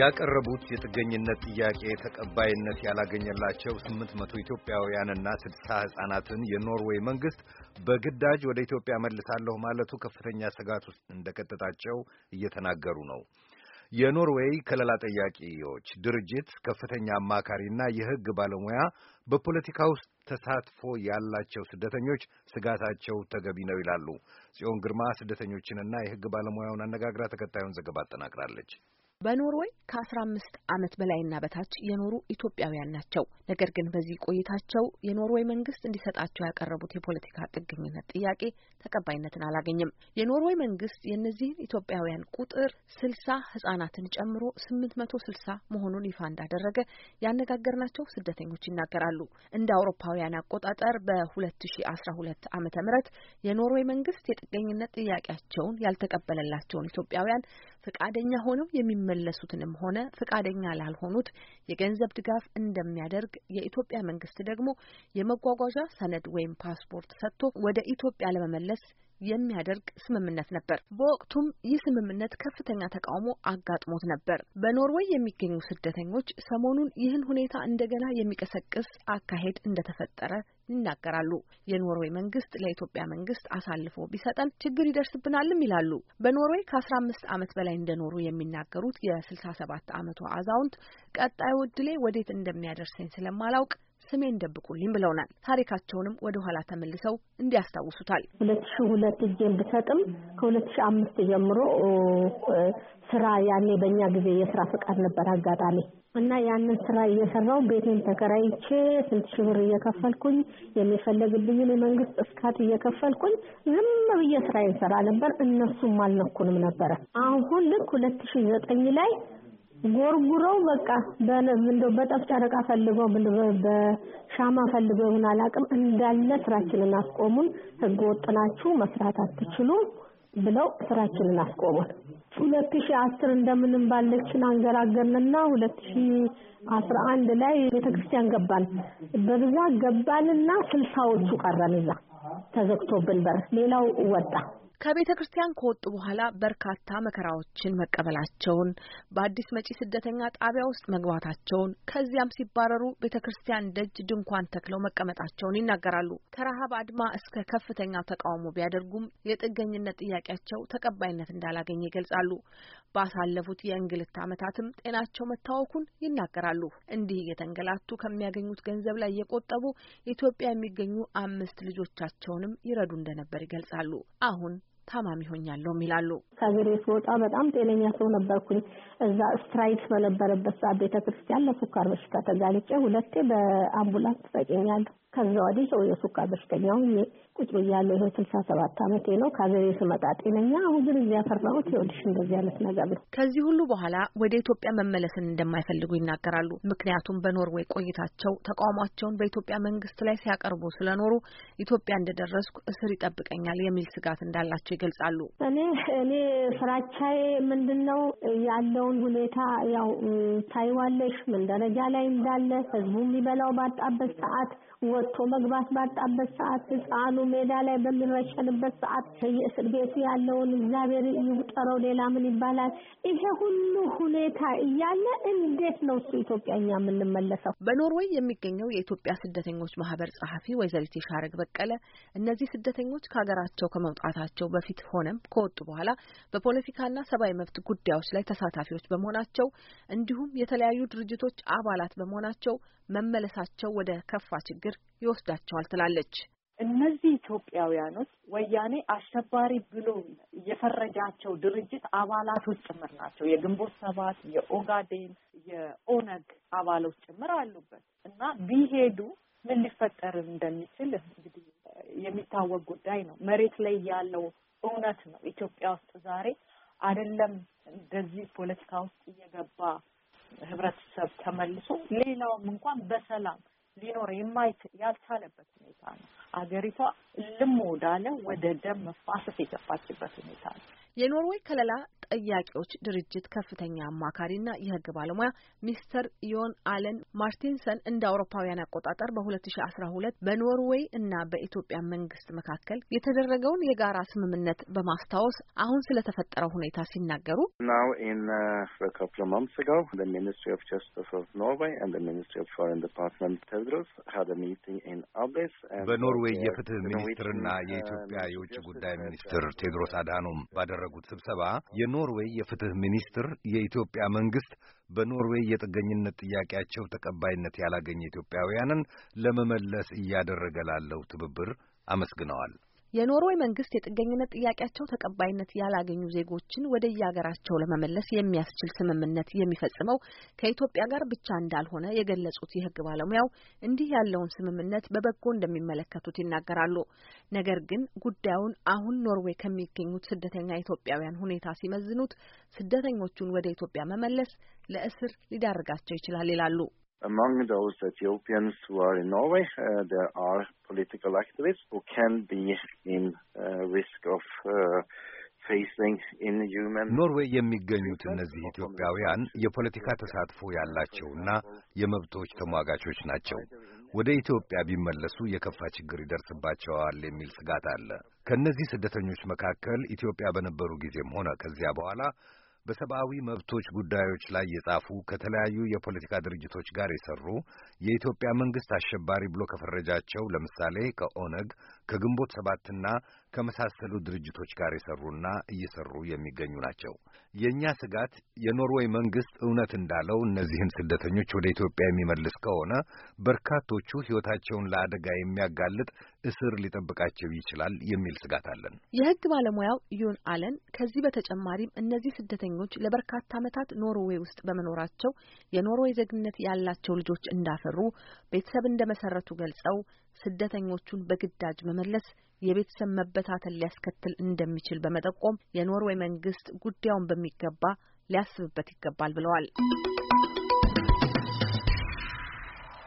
ያቀረቡት የጥገኝነት ጥያቄ ተቀባይነት ያላገኘላቸው 800 ኢትዮጵያውያንና 60 ሕፃናትን የኖርዌይ መንግስት በግዳጅ ወደ ኢትዮጵያ መልሳለሁ ማለቱ ከፍተኛ ስጋት ውስጥ እንደከተታቸው እየተናገሩ ነው። የኖርዌይ ከለላ ጠያቂዎች ድርጅት ከፍተኛ አማካሪና የሕግ ባለሙያ በፖለቲካ ውስጥ ተሳትፎ ያላቸው ስደተኞች ስጋታቸው ተገቢ ነው ይላሉ። ጽዮን ግርማ ስደተኞችንና የሕግ ባለሙያውን አነጋግራ ተከታዩን ዘገባ አጠናቅራለች። በኖርዌይ ከአስራ አምስት ዓመት በላይና በታች የኖሩ ኢትዮጵያውያን ናቸው። ነገር ግን በዚህ ቆይታቸው የኖርዌይ መንግስት እንዲሰጣቸው ያቀረቡት የፖለቲካ ጥገኝነት ጥያቄ ተቀባይነትን አላገኝም። የኖርዌይ መንግስት የእነዚህን ኢትዮጵያውያን ቁጥር 60 ህጻናትን ጨምሮ 860 መቶ መሆኑን ይፋ እንዳደረገ ያነጋገርናቸው ስደተኞች ይናገራሉ። እንደ አውሮፓውያን አቆጣጠር በ2012 አስራ ሁለት የኖርዌይ መንግስት የጥገኝነት ጥያቄያቸውን ያልተቀበለላቸውን ኢትዮጵያውያን ፈቃደኛ ሆነው የሚመ ያልተመለሱትንም ሆነ ፈቃደኛ ላልሆኑት የገንዘብ ድጋፍ እንደሚያደርግ የኢትዮጵያ መንግስት ደግሞ የመጓጓዣ ሰነድ ወይም ፓስፖርት ሰጥቶ ወደ ኢትዮጵያ ለመመለስ የሚያደርግ ስምምነት ነበር። በወቅቱም ይህ ስምምነት ከፍተኛ ተቃውሞ አጋጥሞት ነበር። በኖርዌይ የሚገኙ ስደተኞች ሰሞኑን ይህን ሁኔታ እንደገና የሚቀሰቅስ አካሄድ እንደተፈጠረ ይናገራሉ። የኖርዌይ መንግስት ለኢትዮጵያ መንግስት አሳልፎ ቢሰጠን ችግር ይደርስብናልም ይላሉ። በኖርዌይ ከአስራ አምስት ዓመት በላይ እንደኖሩ የሚናገሩት የስልሳ ሰባት አመቱ አዛውንት ቀጣዩ እድሌ ወዴት እንደሚያደርሰኝ ስለማላውቅ ስሜን ደብቁልኝ ብለውናል። ታሪካቸውንም ወደ ኋላ ተመልሰው እንዲያስታውሱታል። ሁለት ሺ ሁለት እጄን ብሰጥም ከሁለት ሺ አምስት ጀምሮ ስራ ያኔ በእኛ ጊዜ የስራ ፍቃድ ነበር አጋጣሚ እና ያንን ስራ እየሰራው ቤቴን ተከራይቼ ስንት ሺ ብር እየከፈልኩኝ የሚፈለግብኝን የመንግስት እስካት እየከፈልኩኝ ዝም ብዬ ስራ ይሰራ ነበር። እነሱም አልነኩንም ነበረ። አሁን ልክ ሁለት ሺ ዘጠኝ ላይ ጎርጉረው በቃ እንደው በጠብ ጨረቃ ፈልገው በሻማ ፈልገው ይሁን አላውቅም፣ እንዳለ ስራችንን አስቆሙን። ህገ ወጥ ናችሁ መስራት አትችሉም ብለው ስራችንን አስቆሙን። 2010 እንደምንም ባለችን አንገራገርንና 2011 ላይ ቤተክርስቲያን ገባን። በብዛት ገባንና ስልሳዎቹ ቀረን እዛ ተዘግቶብን በር ሌላው ወጣ። ከቤተ ክርስቲያን ከወጡ በኋላ በርካታ መከራዎችን መቀበላቸውን፣ በአዲስ መጪ ስደተኛ ጣቢያ ውስጥ መግባታቸውን፣ ከዚያም ሲባረሩ ቤተ ክርስቲያን ደጅ ድንኳን ተክለው መቀመጣቸውን ይናገራሉ። ከረሃብ አድማ እስከ ከፍተኛ ተቃውሞ ቢያደርጉም የጥገኝነት ጥያቄያቸው ተቀባይነት እንዳላገኘ ይገልጻሉ። ባሳለፉት የእንግልት ዓመታትም ጤናቸው መታወኩን ይናገራሉ። እንዲህ እየተንገላቱ ከሚያገኙት ገንዘብ ላይ የቆጠቡ ኢትዮጵያ የሚገኙ አምስት ልጆቻቸውንም ይረዱ እንደነበር ይገልጻሉ። አሁን ታማሚ ሆኛለሁ ይላሉ። ከሀገሬ ስወጣ በጣም ጤነኛ ሰው ነበርኩኝ። እዛ ስትራይክ በነበረበት ሰዓት ቤተ ክርስቲያን በሽታ ተጋልጬ ሁለቴ በአምቡላንስ ተጭኛለሁ። ከዛ ወዲህ ሰው የሱካር በሽተኛው ቁጭ ብያለሁ። ይሄ ስልሳ ሰባት አመቴ ነው። ከሀገሬ ስመጣ ጤነኛ፣ አሁን ግን እዚህ ያፈራሁት ይኸውልሽ እንደዚህ አይነት ነገር ነው። ከዚህ ሁሉ በኋላ ወደ ኢትዮጵያ መመለስን እንደማይፈልጉ ይናገራሉ። ምክንያቱም በኖርዌይ ቆይታቸው ተቃውሟቸውን በኢትዮጵያ መንግስት ላይ ሲያቀርቡ ስለኖሩ ኢትዮጵያ እንደደረስኩ እስር ይጠብቀኛል የሚል ስጋት እንዳላቸው ይገልጻሉ። እኔ እኔ ፍራቻዬ ምንድን ነው ያለውን ሁኔታ ያው ታይዋለሽ፣ ምን ደረጃ ላይ እንዳለ ህዝቡ የሚበላው ባጣበት ሰዓት ወ ወጥቶ መግባት ባጣበት ሰዓት ህፃኑ ሜዳ ላይ በሚረሸንበት ሰዓት በየእስር ቤቱ ያለውን እግዚአብሔር ይውጠረው። ሌላ ምን ይባላል? ይሄ ሁሉ ሁኔታ እያለ እንዴት ነው እሱ ኢትዮጵያኛ የምንመለሰው? በኖርዌይ የሚገኘው የኢትዮጵያ ስደተኞች ማህበር ጸሐፊ ወይዘሪት የሻረግ በቀለ እነዚህ ስደተኞች ከሀገራቸው ከመውጣታቸው በፊት ሆነም ከወጡ በኋላ በፖለቲካና ሰብአዊ መብት ጉዳዮች ላይ ተሳታፊዎች በመሆናቸው እንዲሁም የተለያዩ ድርጅቶች አባላት በመሆናቸው መመለሳቸው ወደ ከፋ ችግር ይወስዳቸዋል ትላለች። እነዚህ ኢትዮጵያውያኖች ወያኔ አሸባሪ ብሎ የፈረጃቸው ድርጅት አባላቶች ጭምር ናቸው። የግንቦት ሰባት፣ የኦጋዴን፣ የኦነግ አባሎች ጭምር አሉበት እና ቢሄዱ ምን ሊፈጠር እንደሚችል እንግዲህ የሚታወቅ ጉዳይ ነው። መሬት ላይ ያለው እውነት ነው። ኢትዮጵያ ውስጥ ዛሬ አይደለም እንደዚህ ፖለቲካ ውስጥ እየገባ ህብረተሰብ ተመልሶ ሌላውም እንኳን በሰላም ሊኖር የማይት ያልቻለበት ሁኔታ ነው። አገሪቷ እልም ወዳለ ወደ ደም መፋሰስ የገባችበት ሁኔታ ነው። የኖርዌይ ከለላ ጠያቂዎች ድርጅት ከፍተኛ አማካሪና የህግ ባለሙያ ሚስተር ዮን አለን ማርቲንሰን እንደ አውሮፓውያን አቆጣጠር በ2012 በኖርዌይ እና በኢትዮጵያ መንግስት መካከል የተደረገውን የጋራ ስምምነት በማስታወስ አሁን ስለተፈጠረው ሁኔታ ሲናገሩ uh, በኖርዌይ የፍትህ ሚኒስትርና uh, የኢትዮጵያ የውጭ ጉዳይ ሚኒስትር ቴድሮስ አድሃኖም ባደረጉት ስብሰባ የኖ የኖርዌይ የፍትህ ሚኒስትር የኢትዮጵያ መንግስት በኖርዌይ የጥገኝነት ጥያቄያቸው ተቀባይነት ያላገኘ ኢትዮጵያውያንን ለመመለስ እያደረገ ላለው ትብብር አመስግነዋል። የኖርዌይ መንግስት የጥገኝነት ጥያቄያቸው ተቀባይነት ያላገኙ ዜጎችን ወደ ለመመለስ የሚያስችል ስምምነት የሚፈጽመው ከኢትዮጵያ ጋር ብቻ እንዳልሆነ የገለጹት የህግ ባለሙያው እንዲህ ያለውን ስምምነት በበጎ እንደሚመለከቱት ይናገራሉ። ነገር ግን ጉዳዩን አሁን ኖርዌይ ከሚገኙት ስደተኛ ኢትዮጵያውያን ሁኔታ ሲመዝኑት ስደተኞቹን ወደ ኢትዮጵያ መመለስ ለእስር ሊዳርጋቸው ይችላል ይላሉ። Among those Ethiopians who are in Norway, uh, there are political activists who can be in uh, risk of uh, ኖርዌይ የሚገኙት እነዚህ ኢትዮጵያውያን የፖለቲካ ተሳትፎ ያላቸውና የመብቶች ተሟጋቾች ናቸው። ወደ ኢትዮጵያ ቢመለሱ የከፋ ችግር ይደርስባቸዋል የሚል ስጋት አለ። ከእነዚህ ስደተኞች መካከል ኢትዮጵያ በነበሩ ጊዜም ሆነ ከዚያ በኋላ በሰብአዊ መብቶች ጉዳዮች ላይ የጻፉ ከተለያዩ የፖለቲካ ድርጅቶች ጋር የሰሩ የኢትዮጵያ መንግስት አሸባሪ ብሎ ከፈረጃቸው ለምሳሌ ከኦነግ ከግንቦት ሰባትና ከመሳሰሉ ድርጅቶች ጋር የሰሩና እየሰሩ የሚገኙ ናቸው። የእኛ ስጋት የኖርዌይ መንግስት እውነት እንዳለው እነዚህን ስደተኞች ወደ ኢትዮጵያ የሚመልስ ከሆነ በርካቶቹ ሕይወታቸውን ለአደጋ የሚያጋልጥ እስር ሊጠብቃቸው ይችላል የሚል ስጋት አለን። የህግ ባለሙያው ዩን አለን ከዚህ በተጨማሪም እነዚህ ስደተኞች ለበርካታ ዓመታት ኖርዌይ ውስጥ በመኖራቸው የኖርዌይ ዜግነት ያላቸው ልጆች እንዳፈሩ፣ ቤተሰብ እንደመሰረቱ ገልጸው ስደተኞቹን በግዳጅ መመለስ የቤተሰብ መበታተን ሊያስከትል እንደሚችል በመጠቆም የኖርዌይ መንግስት ጉዳዩን በሚገባ ሊያስብበት ይገባል ብለዋል።